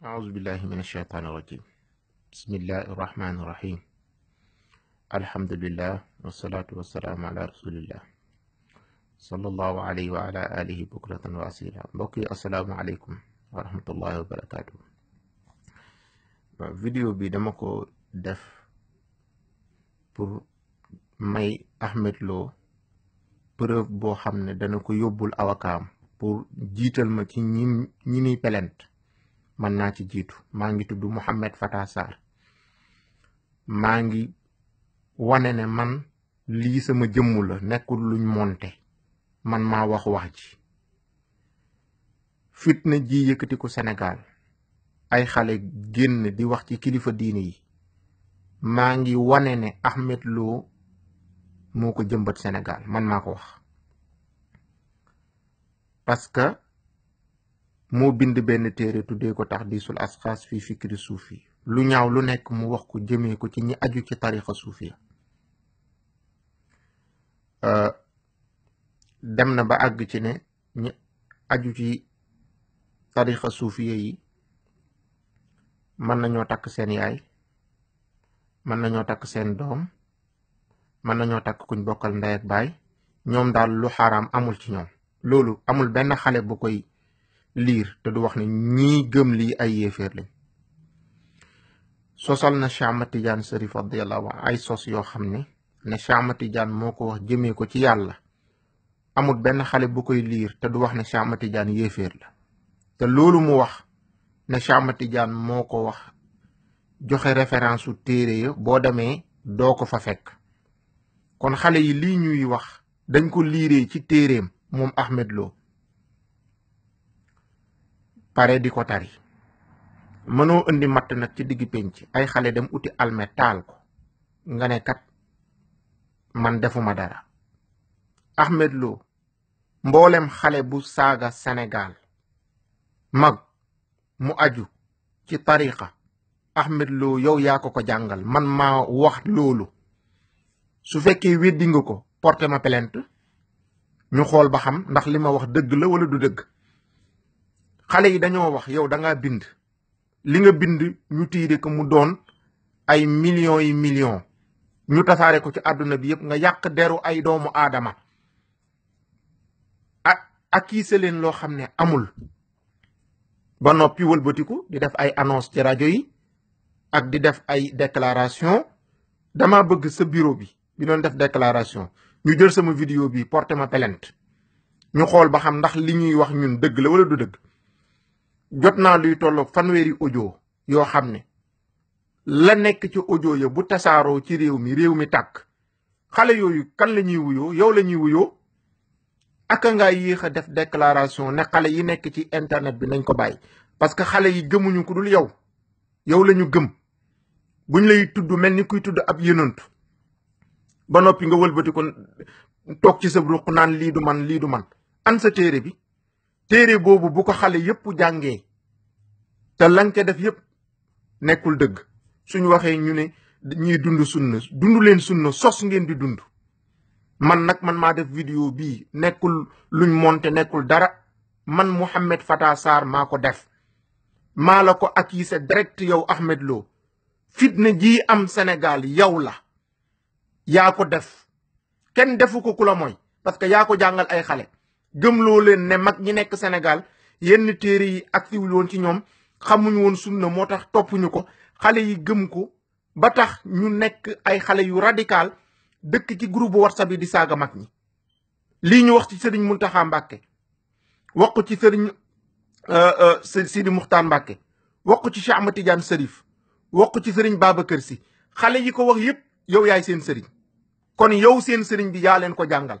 أعوذ بالله من الشيطان الرجيم بسم الله الرحمن الرحيم الحمد لله والصلاة والسلام على رسول الله صلى الله عليه وعلى آله بكرة وأصيلا بقي السلام عليكم ورحمة الله وبركاته فيديو بي دمكو دف بر مي أحمد لو بر بو xam ne dana ko بر awakaam pour jiital ma ci mën naa ci jiitu maa ngi tudd Mouhamed Fata Sarr maa ngi wane ne man lii sama jëmm la nekkul luñ monte man maa wax wax ji fitna ji yëkkatiku Sénégal ay xale génn di wax ci kilifa diine yi maa ngi wane ne Ahmed Lo moo ko jëmbat Sénégal man maa ko wax parce moo bind benn téere tuddee ko tax diisul asxaas fii suuf yi lu ñaaw lu nekk mu wax ko jëmee ko ci ñi aju ci tarixa suufiya euh, dem na ba àgg ci ne ñi aju ci tarixa suufiya yi mën nañoo takk seen yaay mën nañoo takk seen doom mën nañoo takk kuñ bokkal ndey baay ñoom daal lu xaraam amul ci ñoom loolu amul benn xale bu koy liir te du wax ne ñi gëm lii ay yéeféer lañ sosal na Cheikh Ahmad Tidiane Chérif radiyallahu anhu ay sos yoo xam ne ne Cheikh Ahmad moo ko wax jëmee ko ci yàlla amul benn xale bu koy liir te du wax ne Cheikh Ahmad Tidiane la te loolu mu wax ne Cheikh Ahmad moo ko wax joxe référence u téere ya boo demee doo ko fa fekk kon xale yi lii ñuy wax dañ ko liiree ci téereem moom Ahmed Lo pare di ko tari mënoo indi matt nag ci digg pénc ay xale dem uti alme taal ko nga ne kat man defuma dara Ahmed Lo mboolem xale bu saaga Sénégal mag mu aju ci tariqa Ahmed Lo yow yaa ko ko jàngal man maa wax loolu su fekkee weddi nga ko porte ma plainte ñu xool ba xam ndax li ma wax dëgg la wala du dëgg xalé yi dañoo wax yow da nga bind li nga bind ñu tiire ko mu doon ay millions yi millions ñu tassaré ko ci dero bi yépp nga yaq deru ay doomu adama ak leen ne amul ba noppi botiku di def ay annonce ci radio yi ak di def ay déclaration dama bëgg sa bureau bi bi doon def déclaration ñu jël sama vidéo bi porter ma pelente ñu xol ba xam ndax li ñuy wax ñun deug la wala du deug jot naa luy tolloog fanweeri audio yoo xam ne la nekk ci ojo ya bu tasaaroo ci réew mi réew mi tàkk xale yooyu kan la ñuy wuyoo yow la ñuy wuyoo ak ngaa yéex a def déclaration ne xale yi nekk ci internet bi nañ ko bàyyi parce que xale yi gëmuñu ku dul yow yow lañu gëm buñ lay tudd mel ni kuy tudd ab yënantu ba noppi nga wëlbati ko toog ci sa ruq naan lii du man lii du man an sa téere bi téere boobu bu ko xale yépp jàngee te lan ca def yépp nekkul dëgg suñ waxee ñu ne ñuy dund sunna dund leen sunna sos ngeen di dund man nag man maa def vidéo bii nekkul luñ monte nekkul dara man Mouhamed Fata Sarr maa ko def maa la ko accusé direct yow Ahmed Lo fitna ji am Sénégal yow la yaa ko def kenn defu ko ku la mooy parce que yaa ko jàngal ay xale gëmloo leen ne mag ñi nekk senegal yenn téere yi agsiwul woon ci ñoom xamuñu woon sunna moo tax toppuñu ko xale yi gëm ko ba tax ñu nekk ay xale yu radical dëkk ci groupe whatsapp yi di saaga mag ñi lii ñu wax ci sëriñ Muntaxa Mbàkke wax ko ci sëriñ euh, euh, Sidi Muxtaar Mbàkke wax ko ci Cheikh Ahmad Tidiane Sërif wax ci sëriñ baaba kër Si xale yi ko wax yépp yow yaay seen sëriñ kon yow seen sëriñ bi yaa leen ko jàngal